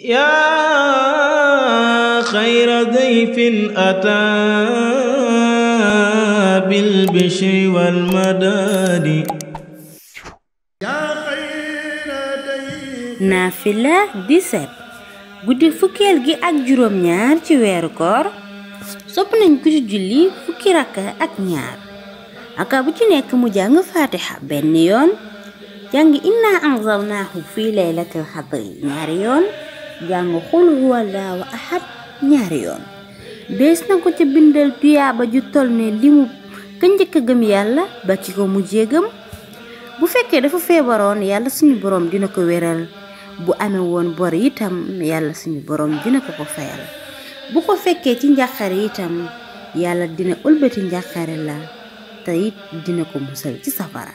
yaa xayra dayfin ataa bil bishri wal madaadi naafila 17 guddi fukkeel gi ak juróom ñaar ci weeru koor sopp nañ ku ci julli fukki rakka ak ñaar aka bu ci nekk mu jàng faatiha benn yoon jàng inna anzalnaahu fii laylatil qadri ñaari yoon jàng xul huwallaahu ahad ñaari yoon bees na ko ca bindal tuyaaba ju tol ne li mu gëm yàlla ba ci ko mujjee gëm bu fekkee dafa feebaroon yàlla suñu borom dina ko wéral bu amee woon bor itam yàlla suñu borom dina ko ko fayal bu ko fekkee ci njàqare itam yàlla dina ëlbati njàqare la te it dina ko musal ci safara